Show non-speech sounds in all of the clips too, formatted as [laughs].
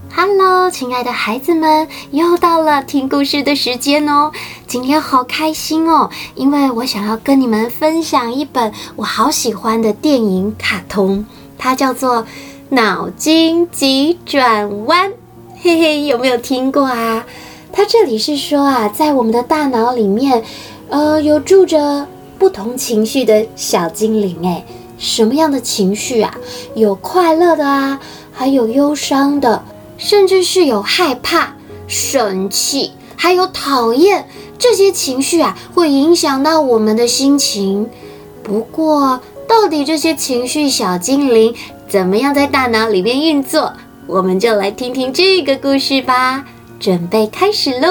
哈嘍，Hello, 親愛的孩子們，又到了聽故事的時間哦。今天好開心哦，因為我想要跟你們分享一本我好喜歡的電影卡通，它叫做《腦筋急轉彎》。嘿嘿，有沒有聽過啊？它這裡是說啊，在我們的大腦裡面，呃，有住着不同情緒的小精靈哎，什麼樣的情緒啊？有快樂的啊，還有憂傷的。甚至是有害怕、生氣，還有討厭，這些情緒啊，會影響到我們的心情。不過，到底這些情緒小精靈怎麼樣在大腦裡面運作？我們就來聽聽這個故事吧。準備開始嘍！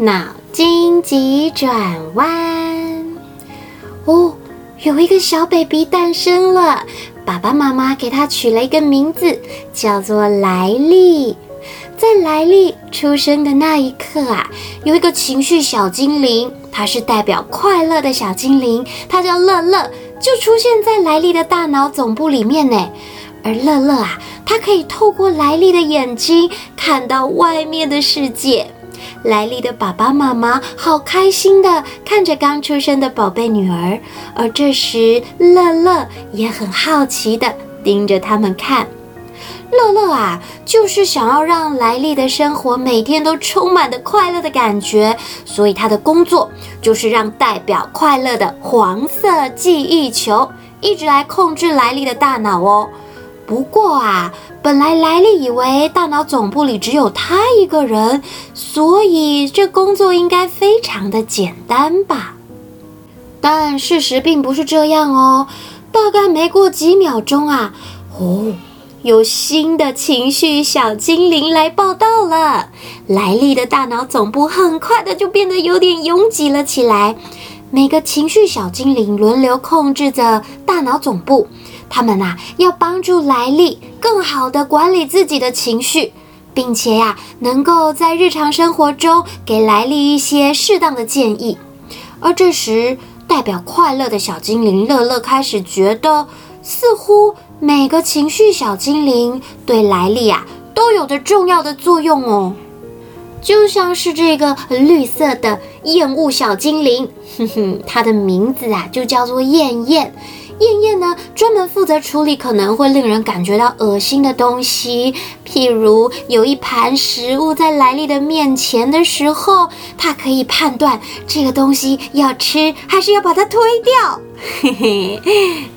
腦筋急轉彎。哦，有一個小 baby 誕生了。爸爸媽媽給他取了一個名字，叫做萊利。在萊利出生的那一刻啊，有一個情緒小精靈，它是代表快樂的小精靈，它叫樂樂，就出現在萊利的大腦總部裡面呢。而樂樂啊，它可以透過萊利的眼睛看到外面的世界。萊利的爸爸媽媽好開心的看着剛出生的寶貝女兒，而這時樂樂也很好奇的盯着他們看。樂樂啊，就是想要讓萊莉的生活每天都充滿的快樂的感覺，所以他的工作就是讓代表快樂的黃色記憶球一直來控制萊莉的大腦哦。不過啊。本來萊利以為大腦總部裡只有他一個人，所以這工作應該非常的簡單吧？但事實並不是這樣哦。大概沒過幾秒鐘啊，哦，有新的情緒小精靈來報到了。萊利的大腦總部很快的就變得有點擁擠了起來。每個情緒小精靈輪流控制着大腦總部。他們啊，要幫助萊莉更好地管理自己的情緒，並且呀、啊，能夠在日常生活中給萊莉一些適當的建議。而這時，代表快樂的小精靈樂樂開始覺得，似乎每個情緒小精靈對萊莉啊都有着重要的作用哦。就像是這個綠色的厭惡小精靈，哼哼，它的名字啊就叫做厭厭。燕燕呢，專門負責處理可能會令人感覺到噁心的東西，譬如有一盤食物在萊莉的面前的時候，他可以判斷這個東西要吃還是要把它推掉。嘿嘿，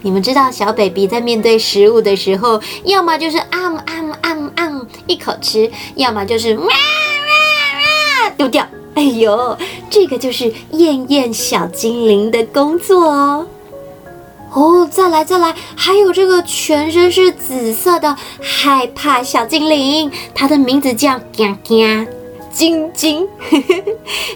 你們知道小 baby 在面對食物的時候，要麼就是啊啊啊啊啊一口吃，要麼就是哇哇哇丟掉。哎呦，這個就是燕燕小精靈的工作哦。哦，再來再來，還有這個全身是紫色的害怕小精靈，它的名字叫駕駕晶晶。晶晶，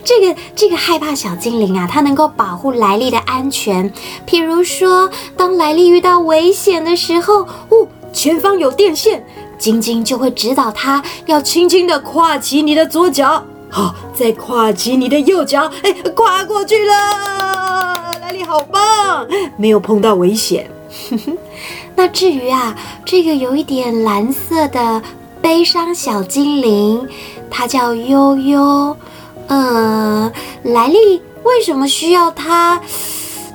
這個這個害怕小精靈啊，它能夠保護萊利的安全。譬如說，當萊利遇到危險的時候，哦，前方有電線，晶晶就會指導他要輕輕地跨起你的左腳，好，哦，再跨起你的右腳，哎，跨過去了。萊利好棒，沒有碰到危險。 [laughs] 那至於啊，這個有一點藍色的悲傷小精靈，它叫悠悠。呃，萊利為什麼需要它？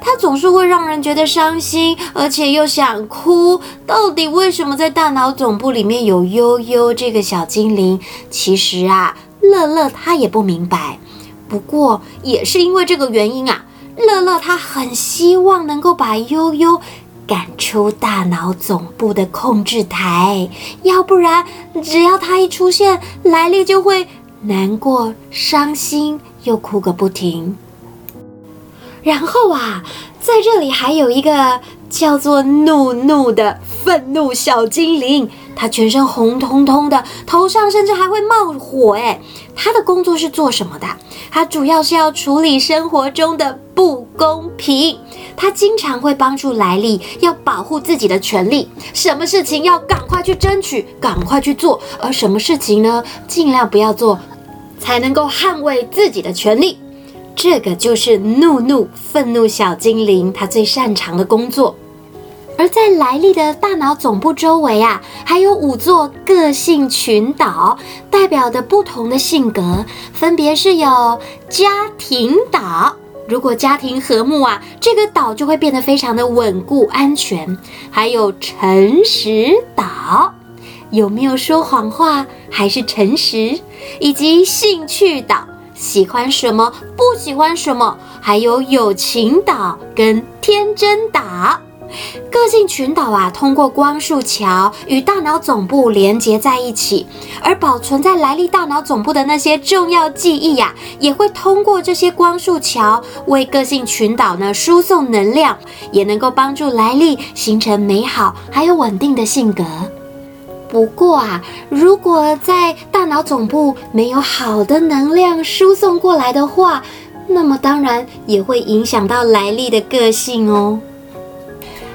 它總是會讓人覺得傷心，而且又想哭。到底為什麼在大腦總部裡面有悠悠這個小精靈？其實啊，樂樂他也不明白。不過也是因為這個原因啊。樂樂他很希望能夠把悠悠趕出大腦總部的控制台，要不然只要他一出現，萊利就會難過、傷心，又哭個不停。然後啊，在這裡還有一個叫做怒怒的憤怒小精靈，他全身紅彤彤的，頭上甚至還會冒火哎、欸。他的工作是做什麼的？他主要是要處理生活中的不公平。他經常會幫助萊利，要保護自己的權利。什麼事情要趕快去爭取，趕快去做；而什麼事情呢，盡量不要做，才能夠捍衛自己的權利。這個就是怒怒，憤怒小精靈，他最擅長的工作。而在萊利的大腦總部周圍啊，還有五座個性群島，代表的不同的性格，分別是有家庭島，如果家庭和睦啊，這個島就會變得非常的穩固安全；還有誠實島，有沒有說謊話還是誠實；以及興趣島，喜歡什麼不喜歡什麼；還有友情島跟天真島。個性群島啊，通過光束橋與大腦總部連接在一起，而保存在萊莉大腦總部的那些重要記憶呀，也會通過這些光束橋為個性群島呢輸送能量，也能夠幫助萊莉形成美好還有穩定的性格。不過啊，如果在大腦總部沒有好的能量輸送過來的話，那麼當然也會影響到萊莉的個性哦。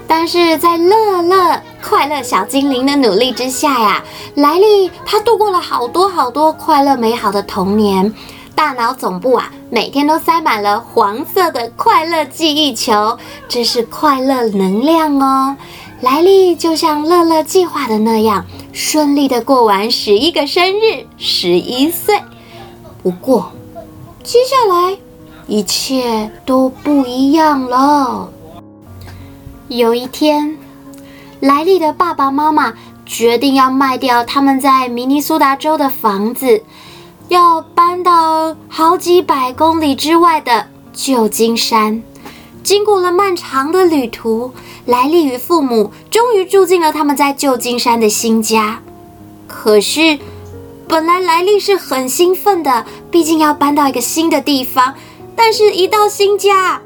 但是在樂樂快樂小精靈的努力之下呀、啊，萊利他度過了好多好多快樂美好的童年，大腦總部啊每天都塞滿了黃色的快樂記憶球，這是快樂能量哦。萊利就像樂樂計劃的那樣，順利的過完十一個生日，十一歲。不過，接下來一切都不一樣了。有一天，萊利的爸爸媽媽決定要賣掉他們在明尼蘇達州的房子，要搬到好幾百公里之外的舊金山。經過了漫長的旅途，萊利與父母終於住進了他們在舊金山的新家。可是，本來萊利是很興奮的，畢竟要搬到一個新的地方。但是，一到新家，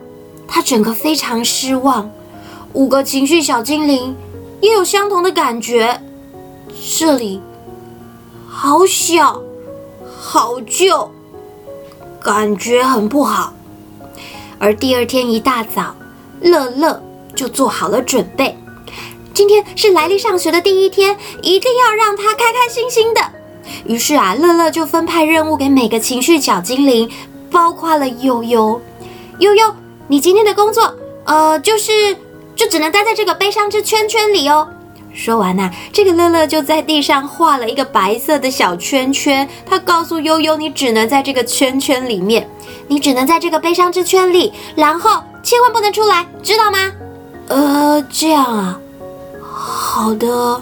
他整個非常失望。五個情緒小精靈也有相同的感覺。這裡好小，好舊，感覺很不好。而第二天一大早，樂樂就做好了準備。今天是萊利上學的第一天，一定要讓他開開心心的。於是啊，樂樂就分派任務給每個情緒小精靈，包括了悠悠。悠悠，你今天的工作，呃，就是。就只能待在這個悲傷之圈圈裡哦。說完吶、啊，這個樂樂就在地上畫了一個白色的小圈圈。他告訴悠悠：“你只能在這個圈圈裡面，你只能在這個悲傷之圈裡，然後千萬不能出來，知道嗎？”呃，這樣啊，好的。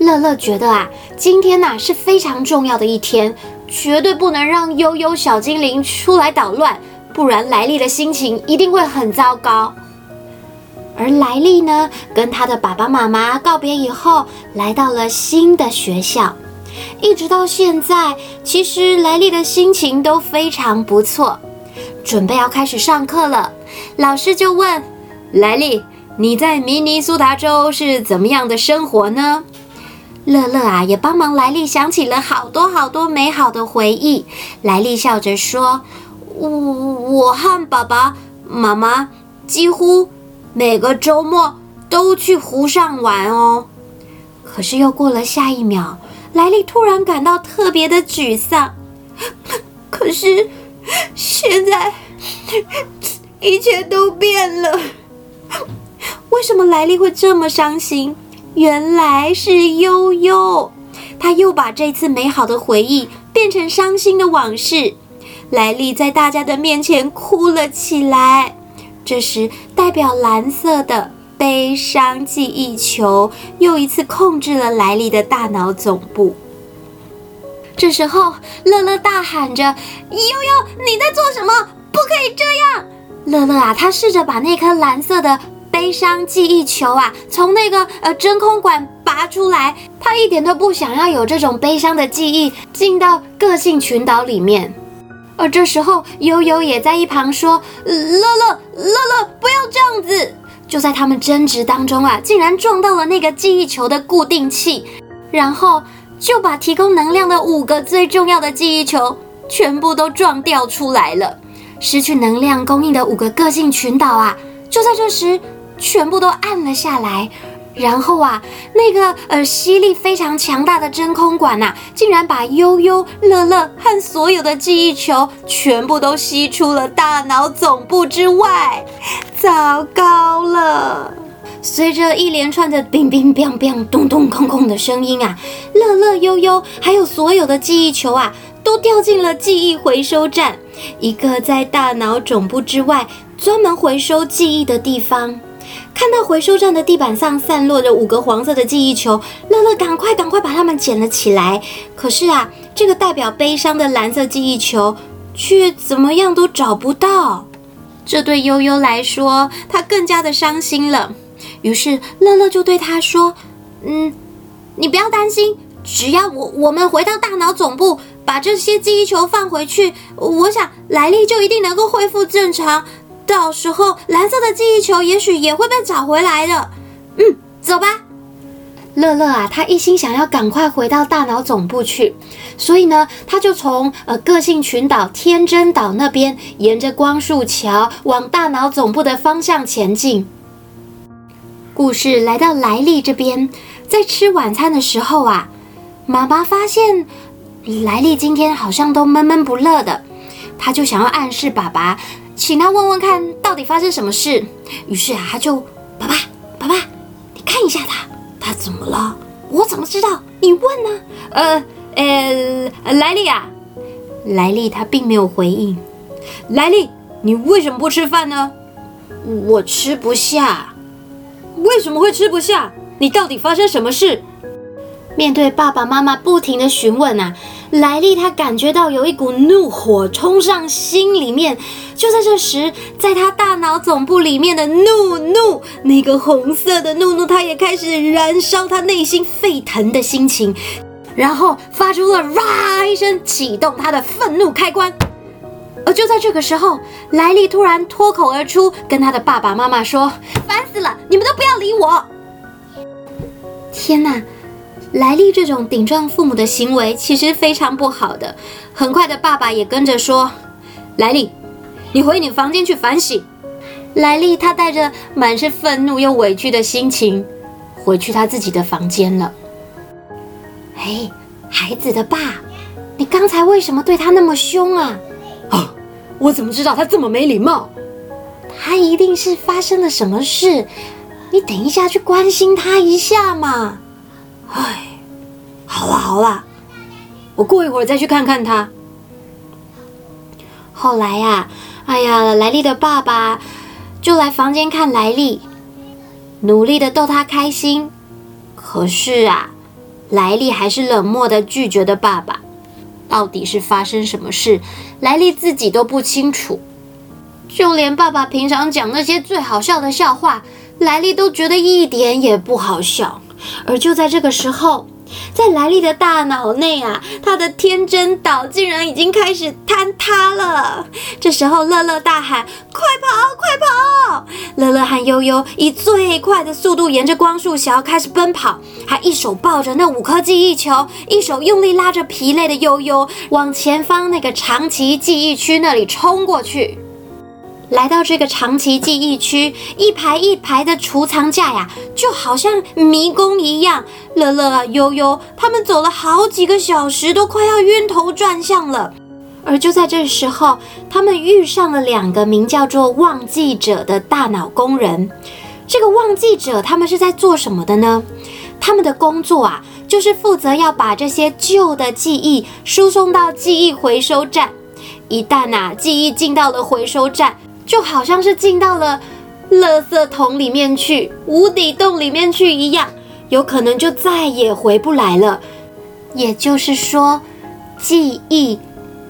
樂樂覺得啊，今天吶、啊、是非常重要的一天，絕對不能讓悠悠小精靈出來搗亂，不然萊利的心情一定會很糟糕。而萊利呢，跟他的爸爸媽媽告別以後，來到了新的學校，一直到現在，其實萊利的心情都非常不錯。準備要開始上課了，老師就問萊利：“你在明尼蘇達州是怎麼樣的生活呢？”樂樂啊，也幫忙萊利想起了好多好多美好的回憶。萊利笑着說：“我我和爸爸媽媽幾乎……”每個周末都去湖上玩哦，可是又過了下一秒，萊莉突然感到特別的沮喪。可是現在一切都變了，為什麼萊莉會這麼傷心？原來是憂憂，她又把這次美好的回憶變成傷心的往事。萊莉在大家的面前哭了起來。這時，代表藍色的悲傷記憶球又一次控制了萊莉的大腦總部。這時候，樂樂大喊着：“憂憂，你在做什麼？不可以這樣！”樂樂啊，他試着把那顆藍色的悲傷記憶球啊，從那個呃真空管拔出來。他一點都不想要有這種悲傷的記憶進到個性群島裡面。而這時候，悠悠也在一旁說：“樂樂，樂樂，不要這樣子！”就在他們爭執當中啊，竟然撞到了那個記憶球的固定器，然後就把提供能量的五個最重要的記憶球全部都撞掉出來了。失去能量供應的五個個性群島啊，就在這時全部都暗了下來。然後啊，那個呃吸力非常強大的真空管吶，竟然把悠悠、樂樂和所有的記憶球全部都吸出了大腦總部之外。糟糕了！隨着一連串的冰冰冰冰，咚咚空空的聲音啊，樂樂、悠悠還有所有的記憶球啊，都掉進了記憶回收站，一個在大腦總部之外專門回收記憶的地方。看到回收站的地板上散落着五個黃色的記憶球，樂樂趕快趕快把它們撿了起來。可是啊，這個代表悲傷的藍色記憶球卻怎麼樣都找不到。這對憂憂來說，她更加的傷心了。於是樂樂就對她說：“嗯，你不要擔心，只要我我們回到大腦總部把這些記憶球放回去，我想萊利就一定能夠恢復正常。”到時候藍色的記憶球也許也會被找回來的。嗯，走吧。樂樂啊，他一心想要趕快回到大腦總部去，所以呢，他就從呃個性群島天真島那邊，沿着光束橋往大腦總部的方向前進。故事來到萊利這邊，在吃晚餐的時候啊，媽媽發現萊利今天好像都悶悶不樂的，他就想要暗示爸爸。請他問問看到底發生什麼事。於是啊，他就，爸爸，爸爸，你看一下他，他怎麼了？我怎麼知道？你問呢？呃，呃，萊莉啊，萊莉她並沒有回應。萊莉，你為什麼不吃飯呢？我吃不下。為什麼會吃不下？你到底發生什麼事？面對爸爸媽媽不停的詢問啊。萊利他感覺到有一股怒火衝上心裡面，就在這時，在他大腦總部裡面的怒怒那個紅色的怒怒，他也開始燃燒他內心沸騰的心情，然後發出了哇一聲啟動他的憤怒開關。而就在這個時候，萊莉突然脫口而出，跟他的爸爸媽媽說：“煩死了，你們都不要理我！”天吶！萊利這種頂撞父母的行為其實非常不好的。很快的，爸爸也跟着說：“萊利，你回你房間去反省。”萊利他帶着滿是憤怒又委屈的心情回去他自己的房間了。哎，孩子的爸，你剛才為什麼對他那麼凶啊？啊，我怎麼知道他這麼沒禮貌？他一定是發生了什麼事。你等一下去關心他一下嘛。唉，好了、啊、好了、啊，我過一會兒再去看看他。後來呀、啊，哎呀，萊莉的爸爸就來房間看萊莉，努力的逗她開心。可是啊，萊莉還是冷漠的拒絕的爸爸。到底是發生什麼事，萊莉自己都不清楚。就連爸爸平常講那些最好笑的笑話，萊莉都覺得一點也不好笑。而就在這個時候，在萊莉的大腦內啊，她的天真島竟然已經開始坍塌了。這時候，樂樂大喊：“快跑，快跑！”樂樂和悠悠以最快的速度沿着光束橋開始奔跑，還一手抱着那五顆記憶球，一手用力拉着疲累的悠悠往前方那個長期記憶區那裡衝過去。來到這個長期記憶區，一排一排的儲藏架呀、啊，就好像迷宮一樣。樂樂、啊、悠悠他們走了好幾個小時，都快要暈頭轉向了。而就在這時候，他們遇上了兩個名叫做“忘記者”的大腦工人。這個忘記者，他們是在做什麼的呢？他們的工作啊，就是負責要把這些舊的記憶輸送到記憶回收站。一旦啊，記憶進到了回收站，就好像是進到了垃圾桶裡面去，無底洞裡面去一樣，有可能就再也回不來了。也就是說，記憶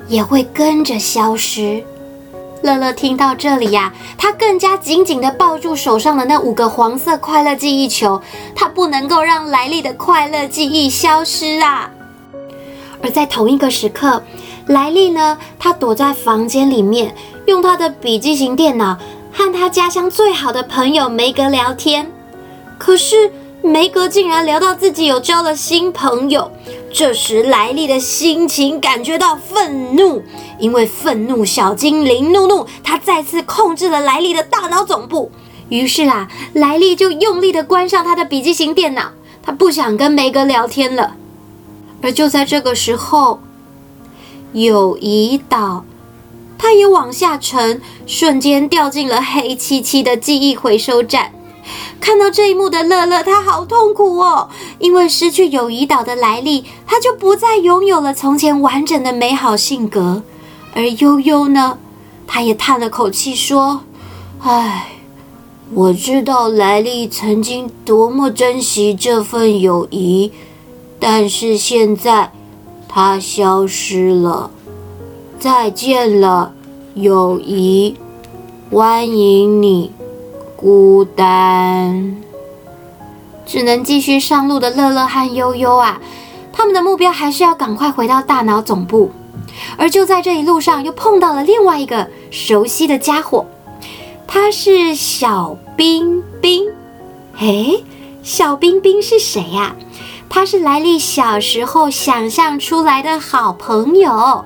也會跟着消失。樂樂聽到這裡呀、啊，他更加緊緊地抱住手上的那五個黃色快樂記憶球，他不能夠讓萊利的快樂記憶消失啊。而在同一個時刻，萊利呢，他躲在房間裡面。用他的筆記型電腦和他家鄉最好的朋友梅格聊天，可是梅格竟然聊到自己有交了新朋友。這時萊利的心情感覺到憤怒，因為憤怒小精靈怒怒，他再次控制了萊利的大腦總部。於是啊，萊利就用力的關上他的筆記型電腦，他不想跟梅格聊天了。而就在這個時候，友誼島。他也往下沉，瞬間掉進了黑漆漆的記憶回收站。看到這一幕的樂樂，他好痛苦哦，因為失去友誼島的萊利，他就不再擁有了從前完整的美好性格。而悠悠呢，他也嘆了口氣說：“唉，我知道萊利曾經多麼珍惜這份友誼，但是現在，它消失了。”再見了，友誼！歡迎你，孤單。只能繼續上路的樂樂和悠悠啊，他們的目標還是要趕快回到大腦總部。而就在這一路上，又碰到了另外一個熟悉的家伙，他是小冰冰。誒，小冰冰是誰呀？啊？他是萊利小時候想象出來的好朋友。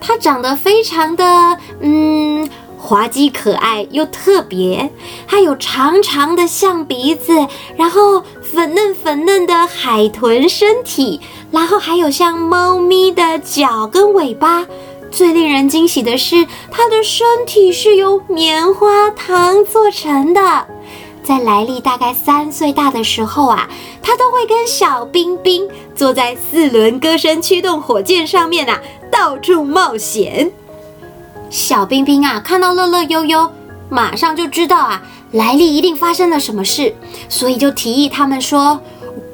它長得非常的嗯，滑稽可愛又特別，它有長長的象鼻子，然後粉嫩粉嫩的海豚身體，然後還有像貓咪的腳跟尾巴。最令人驚喜的是，它的身體是由棉花糖做成的。在萊莉大概三歲大的時候啊，它都會跟小冰冰坐在四輪歌聲驅動火箭上面啊，到處冒險，小冰冰啊，看到樂樂憂憂，馬上就知道啊，萊莉一定發生了什麼事，所以就提議他們說：“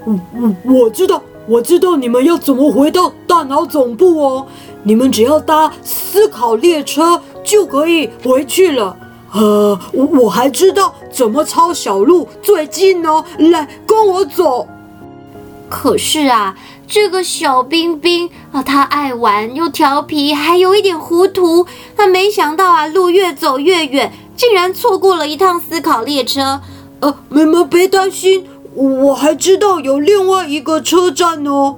我我我知道，我知道你們要怎麼回到大腦總部哦，你們只要搭思考列車就可以回去了。呃，我，我還知道怎麼抄小路最近哦，來跟我走。可是啊。”這個小冰冰啊，他愛玩又調皮，還有一點糊塗。他沒想到啊，路越走越遠，竟然錯過了一趟思考列車。呃，你們別擔心，我還知道有另外一個車站呢。哦，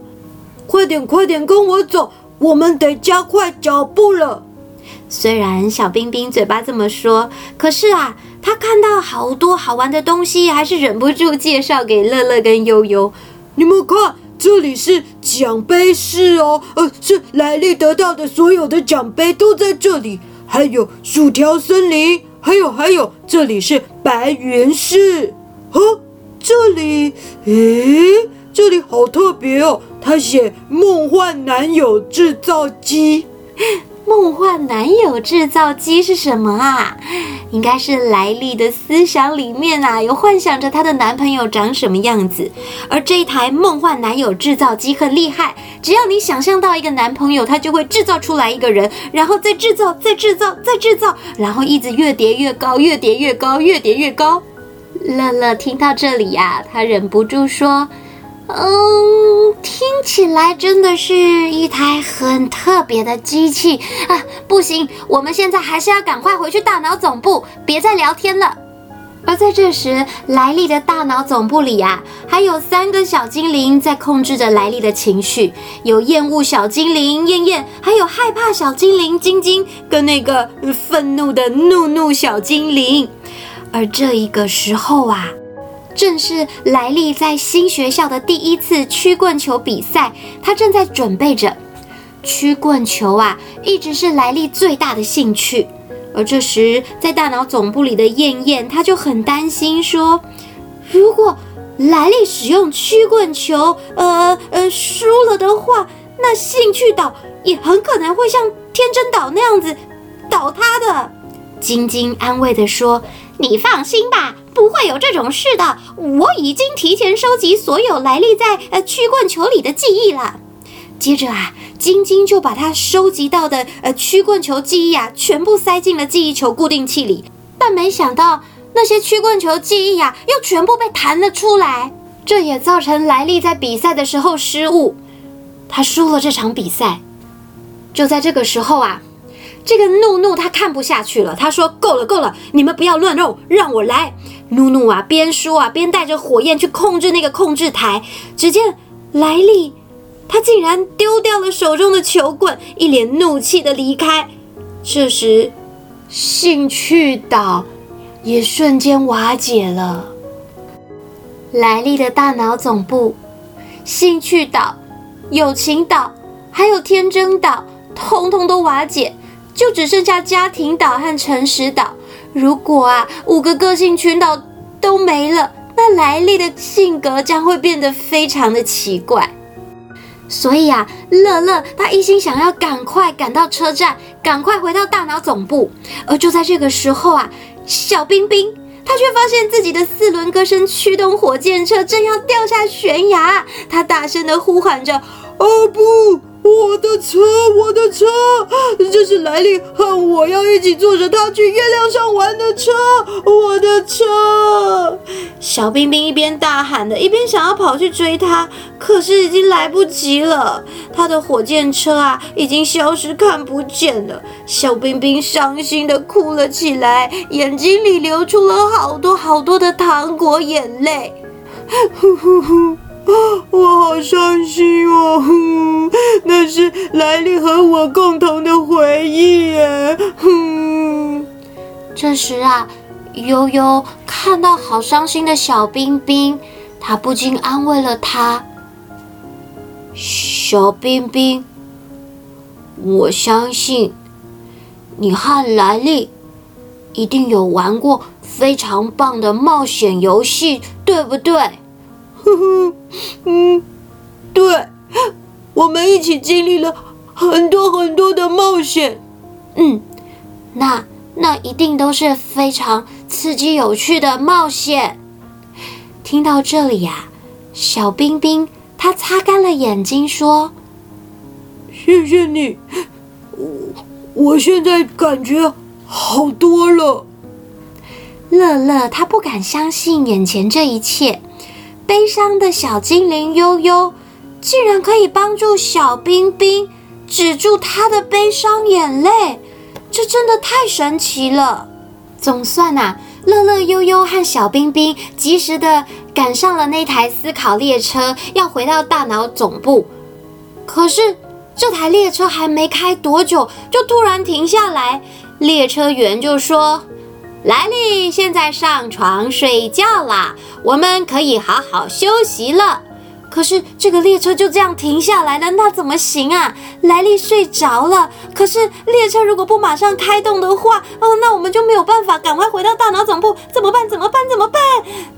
快點，快點，跟我走，我們得加快腳步了。雖然小冰冰嘴巴這麼說，可是啊，他看到好多好玩的東西，還是忍不住介紹給樂樂跟悠悠。你們看。這裡是獎杯室哦，呃，是萊利得到的所有的獎杯都在這裡，還有薯條森林，還有還有，這裡是白雲室，哦、啊，這裡，誒、欸，這裡好特別哦，他寫夢幻男友制造機。夢幻男友製造機是什麼啊？應該是萊莉的思想裡面啊，有幻想着她的男朋友長什麼樣子。而這一台夢幻男友製造機很厲害，只要你想象到一個男朋友，他就會製造出來一個人，然後再製造、再製造、再製造、再製造，然後一直越疊越高，越疊越高，越疊越高。樂樂聽到這裡呀、啊，他忍不住說。嗯，聽起來真的是一台很特別的機器啊！不行，我們現在還是要趕快回去大腦總部，別再聊天了。而在這時，萊利的大腦總部裡啊，還有三個小精靈在控制着萊利的情緒，有厭惡小精靈燕燕，還有害怕小精靈晶晶，跟那個憤怒的怒怒小精靈。而這一個時候啊。正是萊莉在新學校的第一次曲棍球比賽，他正在準備着。曲棍球啊，一直是萊莉最大的興趣。而這時，在大腦總部裡的厭厭，她就很擔心說：“如果萊莉使用曲棍球，呃呃輸了的話，那興趣島也很可能會像天真島那樣子倒塌的。”驚驚安慰地說。你放心吧，不會有這種事的。我已經提前收集所有萊莉在呃曲棍球裡的記憶了。接着啊，晶晶就把他收集到的呃曲棍球記憶啊，全部塞進了記憶球固定器裡。但沒想到那些曲棍球記憶啊，又全部被彈了出來。這也造成萊莉在比賽的時候失誤，他輸了這場比賽。就在這個時候啊。這個怒怒他看不下去了，他說：“夠了，夠了，你們不要亂弄，讓我來！”怒怒啊，邊說啊邊帶着火焰去控制那個控制臺。只見萊利，他竟然丟掉了手中的球棍，一臉怒氣的離開。這時，興趣島也瞬間瓦解了。萊利的大腦總部、興趣島、友情島，還有天真島，通通都瓦解。就只剩下家庭島和誠實島。如果啊，五個個性群島都沒了，那萊利的性格將會變得非常的奇怪。所以啊，樂樂他一心想要趕快趕到車站，趕快回到大腦總部。而就在這個時候啊，小冰冰他卻發現自己的四輪歌聲驅動火箭車正要掉下懸崖，他大聲的呼喊着：“哦不！”我的車，我的車，這是萊利和我要一起坐着它去月亮上玩的車。我的車，小冰冰一邊大喊的一邊想要跑去追他，可是已經來不及了。他的火箭車啊，已經消失看不見了。小冰冰傷心的哭了起來，眼睛裡流出了好多好多的糖果眼淚。呼呼呼。我好傷心哦，哼，那是萊莉和我共同的回憶哎。這時啊，悠悠看到好傷心的小冰冰，她不禁安慰了她：“小冰冰，我相信你和萊莉一定有玩過非常棒的冒險遊戲，對不對？”呵呵，嗯，對，我們一起經歷了很多很多的冒險，嗯，那那一定都是非常刺激有趣的冒險。聽到這裡呀，小冰冰他擦乾了眼睛說：“謝謝你，我我現在感覺好多了。”樂樂他不敢相信眼前這一切。悲傷的小精靈悠悠，竟然可以幫助小冰冰止住她的悲傷眼淚，這真的太神奇了！總算吶、啊，樂樂悠悠和小冰冰及時的趕上了那台思考列車，要回到大腦總部。可是這台列車還沒開多久，就突然停下來，列車員就說。萊莉，現在上床睡覺啦，我們可以好好休息了。可是這個列車就這樣停下來了，那怎麼行啊？萊莉睡着了，可是列車如果不馬上開動的話，哦，那我們就沒有辦法趕快回到大腦總部，怎麼辦？怎麼辦？怎麼辦？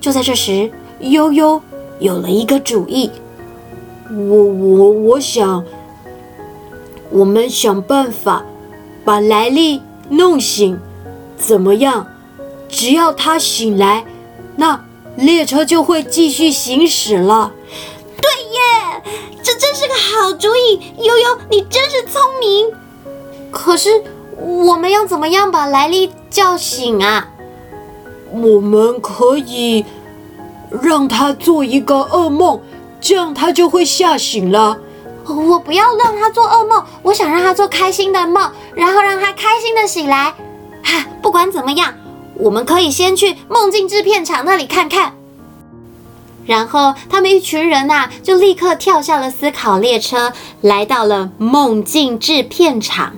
就在這時，憂憂有了一個主意，我我我想，我們想辦法把萊莉弄醒，怎麼樣？只要他醒來，那列車就會繼續行駛了。對耶，這真是個好主意。悠悠，你真是聰明。可是我們要怎麼樣把萊莉叫醒啊？我們可以讓他做一個噩夢，這樣他就會嚇醒了。我不要讓他做噩夢，我想讓他做開心的夢，然後讓他開心的醒來。哈，不管怎麼樣。我們可以先去夢境制片廠那裡看看，然後他們一群人吶、啊，就立刻跳下了思考列車，來到了夢境制片廠。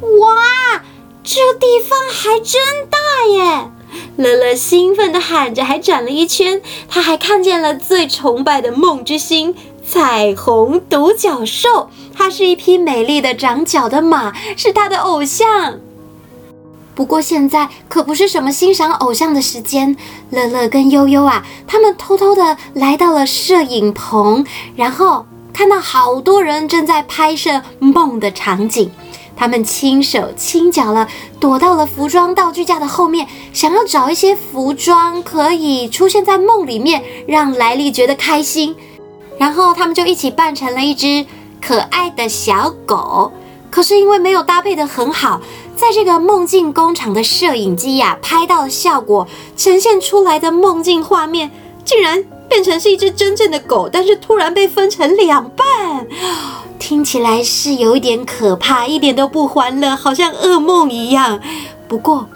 哇，這地方還真大耶！樂樂興奮地喊着，還轉了一圈。他還看見了最崇拜的夢之星——彩虹獨角獸，它是一匹美麗的長角的馬，是他的偶像。不過現在可不是什麼欣賞偶像的時間，樂樂跟悠悠啊，他們偷偷的來到了攝影棚，然後看到好多人正在拍攝夢的場景，他們輕手輕腳了，躲到了服裝道具架的後面，想要找一些服裝可以出現在夢裡面，讓萊莉覺得開心。然後他們就一起扮成了一隻可愛的小狗，可是因為沒有搭配得很好。在這個夢境工廠的攝影機呀、啊、拍到的效果，呈現出來的夢境畫面，竟然變成是一隻真正的狗，但是突然被分成兩半，聽起來是有一點可怕，一點都不歡樂，好像噩夢一樣。不過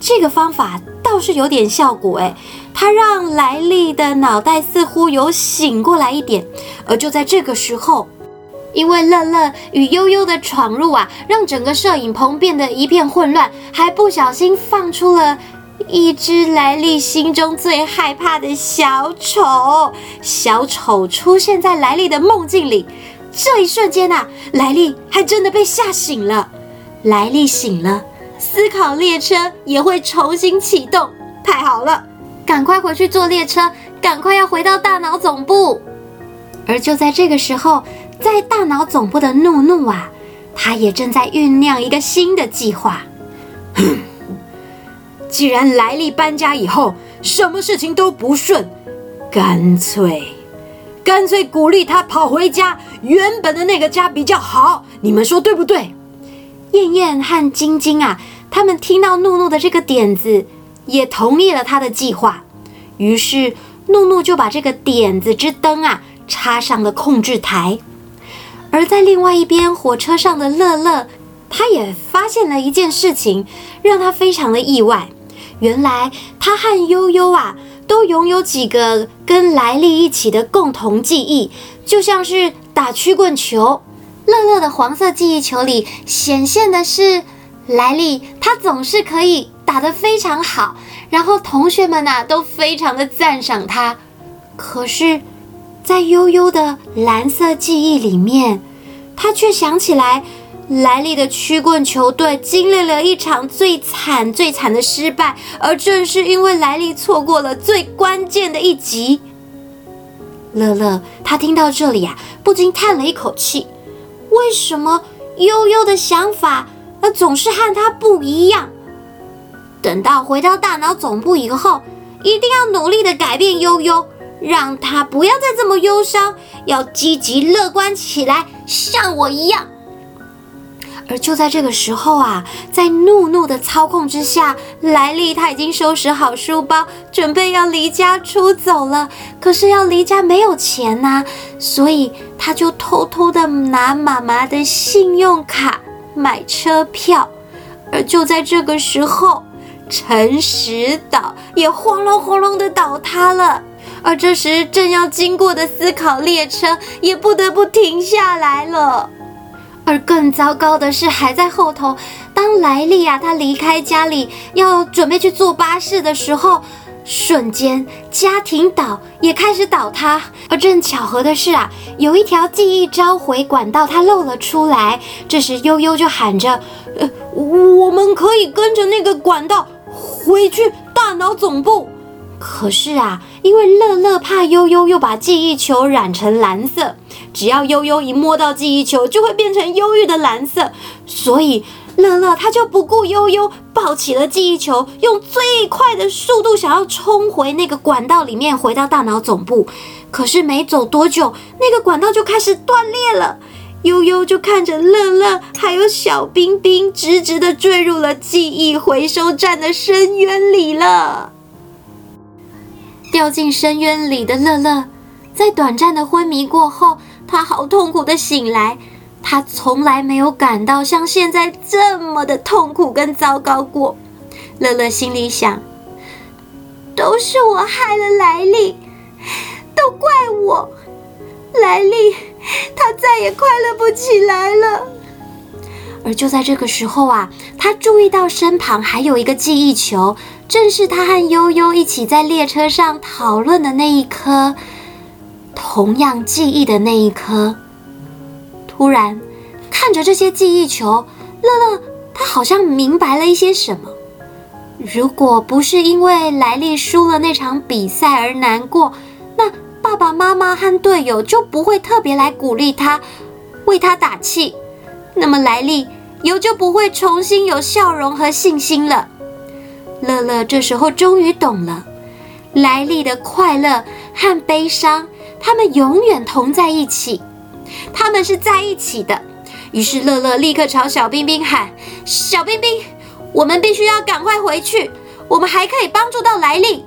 這個方法倒是有點效果誒、欸，它讓萊莉的腦袋似乎有醒過來一點，而就在這個時候。因為樂樂與悠悠的闖入啊，讓整個攝影棚變得一片混亂，還不小心放出了一隻萊莉心中最害怕的小丑。小丑出現在萊莉的夢境裡，這一瞬間啊，萊莉還真的被嚇醒了。萊莉醒了，思考列車也會重新啟動。太好了，趕快回去坐列車，趕快要回到大腦總部。而就在這個時候。在大腦總部的怒怒啊，他也正在醞釀一個新的計劃。既然萊利搬家以後什麼事情都不順，乾脆乾脆鼓勵他跑回家，原本的那個家比較好。你們說對不對？厭厭和驚驚啊，他們聽到怒怒的這個點子，也同意了他的計劃。於是怒怒就把這個點子之燈啊插上了控制台。而在另外一邊，火車上的樂樂，他也發現了一件事情，讓他非常的意外。原來他和悠悠啊，都擁有幾個跟萊利一起的共同記憶，就像是打曲棍球。樂樂的黃色記憶球裡顯現的是萊利，他總是可以打得非常好，然後同學們吶，啊，都非常的讚賞他。可是。在悠悠的藍色記憶裡面，他卻想起來，萊利的曲棍球隊經歷了一場最慘最慘的失敗，而正是因為萊利錯過了最關鍵的一集。樂樂，他聽到這裡啊，不禁嘆了一口氣：為什麼悠悠的想法，呃，總是和他不一樣？等到回到大腦總部以後，一定要努力的改變悠悠。讓他不要再這麼憂傷，要積極樂觀起來，像我一樣。而就在這個時候啊，在怒怒的操控之下，萊利他已經收拾好書包，準備要離家出走了。可是要離家沒有錢吶、啊，所以他就偷偷的拿媽媽的信用卡買車票。而就在這個時候，誠實島也轟隆轟隆的倒塌了。而這時正要經過的思考列車也不得不停下來了。而更糟糕的事還在後頭。當萊莉啊，她離開家裡要準備去坐巴士的時候，瞬間家庭島也開始倒塌。而正巧合的是啊，有一條記憶召回管道它漏了出來。這時悠悠就喊着：“呃，我們可以跟着那個管道回去大腦總部。”可是啊，因為樂樂怕悠悠又把記憶球染成藍色，只要悠悠一摸到記憶球，就會變成憂鬱的藍色，所以樂樂他就不顧悠悠，抱起了記憶球，用最快的速度想要衝回那個管道裡面，回到大腦總部。可是沒走多久，那個管道就開始斷裂了，悠悠就看着樂樂還有小冰冰直直的墜入了記憶回收站的深淵裡了。掉進深淵裡的樂樂，在短暫的昏迷過後，他好痛苦的醒來。他從來沒有感到像現在這麼的痛苦跟糟糕過。樂樂心裡想：“都是我害了萊利，都怪我，萊利他再也快樂不起來了。”而就在這個時候啊，他注意到身旁還有一個記憶球。正是他和悠悠一起在列車上討論的那一顆，同樣記憶的那一顆。突然，看着這些記憶球，樂樂他好像明白了一些什麼。如果不是因為萊利輸了那場比賽而難過，那爸爸媽媽和隊友就不會特別來鼓勵他，為他打氣。那麼萊利又就不會重新有笑容和信心了。樂樂這時候終於懂了，萊利的快樂和悲傷，他們永遠同在一起，他們是在一起的。於是樂樂立刻朝小冰冰喊：“小冰冰，我們必須要趕快回去，我們還可以幫助到萊利。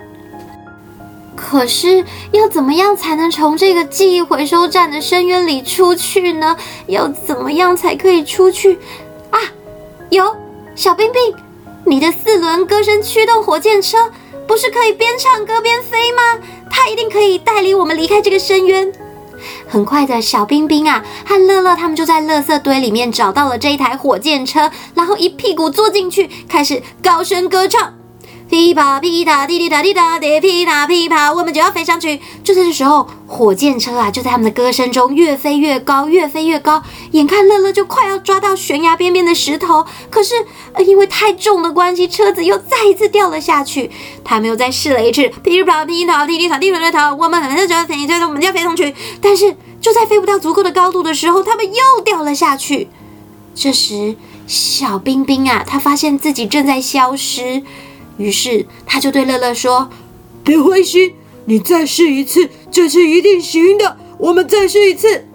可是要怎麼樣才能從這個記憶回收站的深淵裡出去呢？要怎麼樣才可以出去？啊，有，小冰冰。”你的四輪歌聲驅動火箭車，不是可以邊唱歌邊飛嗎？它一定可以帶領我們離開這個深淵。很快的，小冰冰啊和樂樂他們就在垃圾堆裡面找到了這一台火箭車，然後一屁股坐進去，開始高聲歌唱。噼啪噼啪、滴滴答、滴滴嗒噼啪、噼啪，我們就要飛上去。就在這時候，火箭車啊，就在他們的歌聲中越飛越高，越飛越高。眼看樂樂就快要抓到懸崖邊邊的石頭，可是、呃、因為太重的關係，車子又再一次掉了下去。他沒有再試了一次，噼噼啪噼噼啪滴滴答、滴噼啪，我們馬上就要停，就要從我們就要飛上去。但是就在飛不到足夠的高度的時候，他們又掉了下去。這時，小冰冰啊，他發現自己正在消失。於是他就對樂樂說：“別灰心，你再試一次，這次一定行的。我們再試一次。”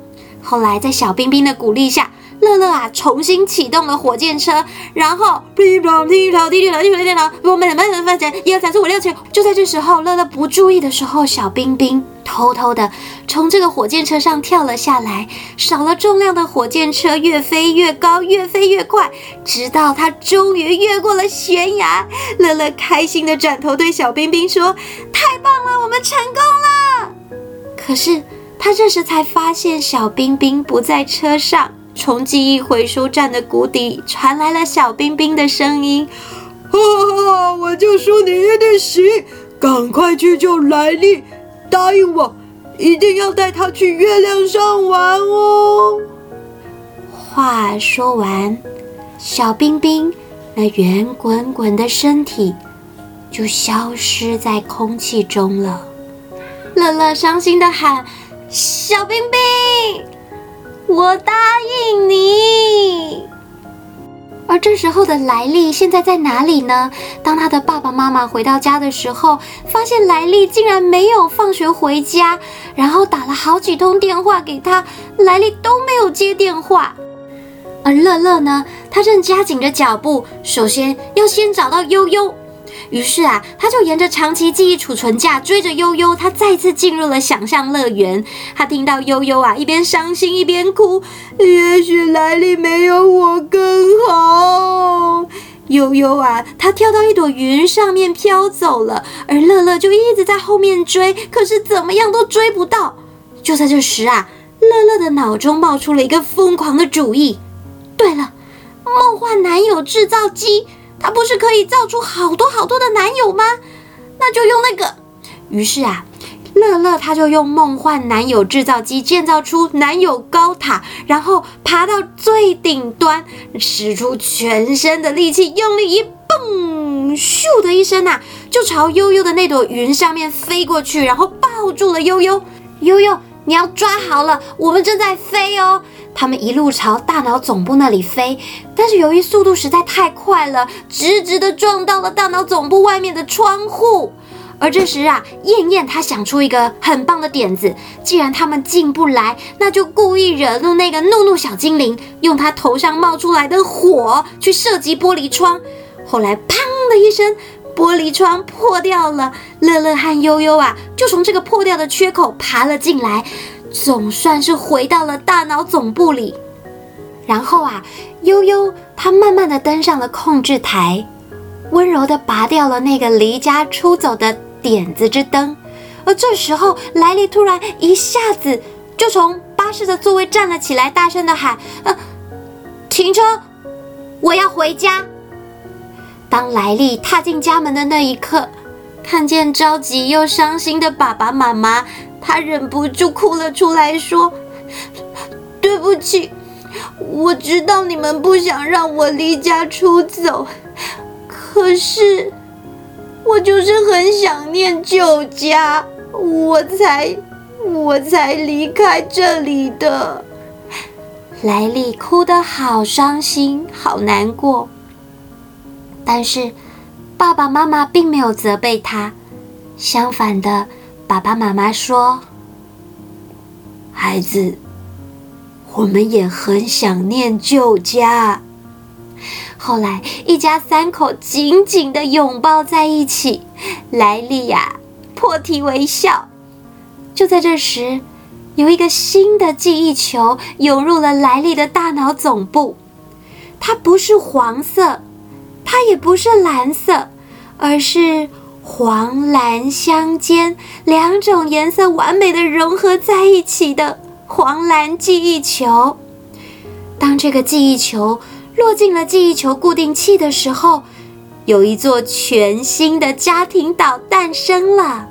後來在小冰冰的鼓勵下，樂樂啊，重新啟動了火箭車，然後屁了綠了屁跑，屁了綠了屁跑，我們兩百兩百錢一二三四五六七。就在這時候，樂樂不注意的時候，小冰冰偷偷的從這個火箭車上跳了下來。少了重量的火箭車越飛越高，越飛越快，直到它終於越過了懸崖。樂樂開心的轉頭對小冰冰說：“太棒了，我們成功了！”可是他這時才發現小冰冰不在車上。從記憶回收站的谷底傳來了小冰冰的聲音：“哈哈、啊，我就說你一定行！趕快去救萊利，答應我，一定要帶他去月亮上玩哦！”話說完，小冰冰那圓滾滾的身體就消失在空氣中了。樂樂傷心地喊：“小冰冰！”我答應你。而這時候的萊莉現在在哪裡呢？當他的爸爸媽媽回到家的時候，發現萊莉竟然沒有放學回家，然後打了好幾通電話給他，萊莉都沒有接電話。而樂樂呢，他正加緊着腳步，首先要先找到憂憂。於是啊，他就沿着長期記憶儲存架追着悠悠，他再次進入了想象樂園。他聽到悠悠啊一邊傷心一邊哭，也許萊莉沒有我更好。悠悠啊，他跳到一朵雲上面飄走了，而樂樂就一直在後面追，可是怎麼樣都追不到。就在這時啊，樂樂的腦中冒出了一個瘋狂的主意。對了，夢幻男友製造機。他不是可以造出好多好多的男友嗎？那就用那個。於是啊，樂樂他就用夢幻男友制造機建造出男友高塔，然後爬到最頂端，使出全身的力氣，用力一蹦，咻的一聲吶、啊，就朝悠悠的那朵雲上面飛過去，然後抱住了悠悠。悠悠，你要抓好了，我們正在飛哦。他們一路朝大腦總部那裡飛，但是由於速度實在太快了，直直的撞到了大腦總部外面的窗戶。而這時啊，厭厭她想出一個很棒的點子，既然他們進不來，那就故意惹怒那個怒怒小精靈，用他頭上冒出來的火去射擊玻璃窗。後來砰的一聲，玻璃窗破掉了，樂樂和悠悠啊就從這個破掉的缺口爬了進來。總算是回到了大腦總部裡，然後啊，悠悠她慢慢的登上了控制台，溫柔的拔掉了那個離家出走的點子之燈。而這時候，萊利突然一下子就從巴士的座位站了起來，大聲的喊、呃：“停車！我要回家！”當萊利踏進家門的那一刻，看見着急又傷心的爸爸媽媽。他忍不住哭了出來，說：“對不起，我知道你們不想讓我離家出走，可是，我就是很想念舊家，我才，我才離開這裡的。”萊莉哭得好傷心，好難過。但是，爸爸媽媽並沒有責備他，相反的。爸爸媽媽說：“孩子，我們也很想念舊家。”後來，一家三口緊緊地擁抱在一起，萊利呀破涕為笑。就在這時，有一個新的記憶球湧入了萊利的大腦總部。它不是黃色，它也不是藍色，而是……黃藍相間，兩種顏色完美的融合在一起的黃藍記憶球。當這個記憶球落進了記憶球固定器的時候，有一座全新的家庭島誕生了。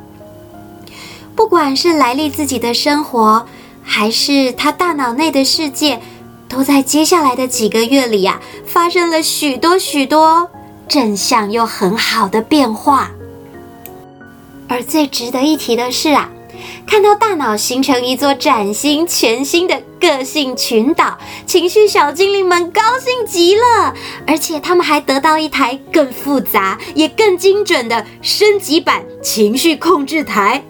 不管是萊利自己的生活，還是她大腦內的世界，都在接下來的幾個月裡呀、啊，發生了許多許多正向又很好的變化。而最值得一提的是啊，看到大腦形成一座嶄新、全新的個性群島，情緒小精靈們高興極了，而且他們還得到一台更複雜也更精準的升級版情緒控制台。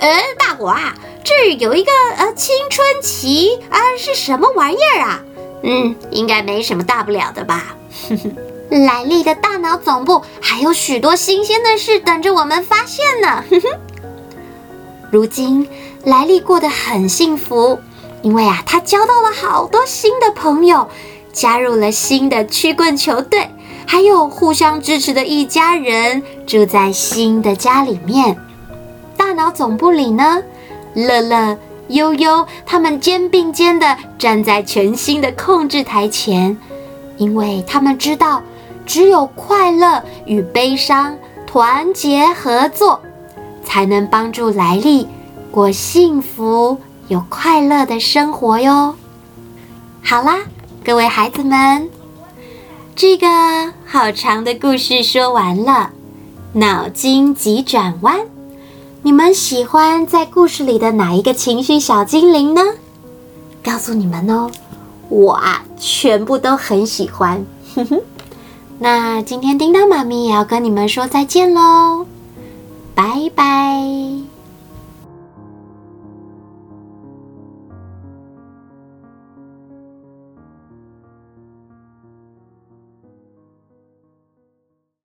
嗯、呃，大夥啊，這有一個呃青春期啊、呃、是什麼玩意兒啊？嗯，應該沒什麼大不了的吧？哼哼。萊利的大腦總部還有許多新鮮的事等着我們發現呢，哼哼。如今，萊利過得很幸福，因為啊，他交到了好多新的朋友，加入了新的曲棍球隊，還有互相支持的一家人，住在新的家裡面。大腦總部裡呢，樂樂、悠悠他們肩並肩的站在全新的控制台前，因為他們知道。只有快樂與悲傷團結合作，才能幫助萊利過幸福又快樂的生活喲。好啦，各位孩子們，這個好長的故事說完了，腦筋急轉彎，你們喜歡在故事裡的哪一個情緒小精靈呢？告訴你們哦，我啊全部都很喜歡，哼哼。那今天叮噹媽咪也要跟你們說再見嘍，拜拜。